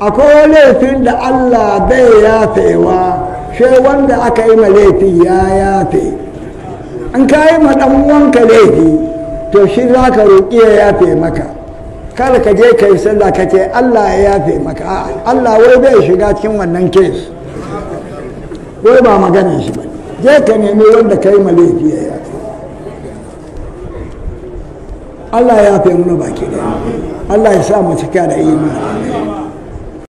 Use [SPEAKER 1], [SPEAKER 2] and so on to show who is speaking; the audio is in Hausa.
[SPEAKER 1] akwai laifin da allah bai yafewa she wanda aka yi ma laifi ya yafe an ka yi ma laifi to shi za ka roƙi ya yafe maka kar ka je ka yi sallah ka ce allah ya yafe maka a'a allah wai bai shiga cikin wannan kes wai ba magana shi ba je ka nemi wanda ka yi ma laifi ya yafe allah ya yafe mana baki ɗaya allah ya sa mu cika da imani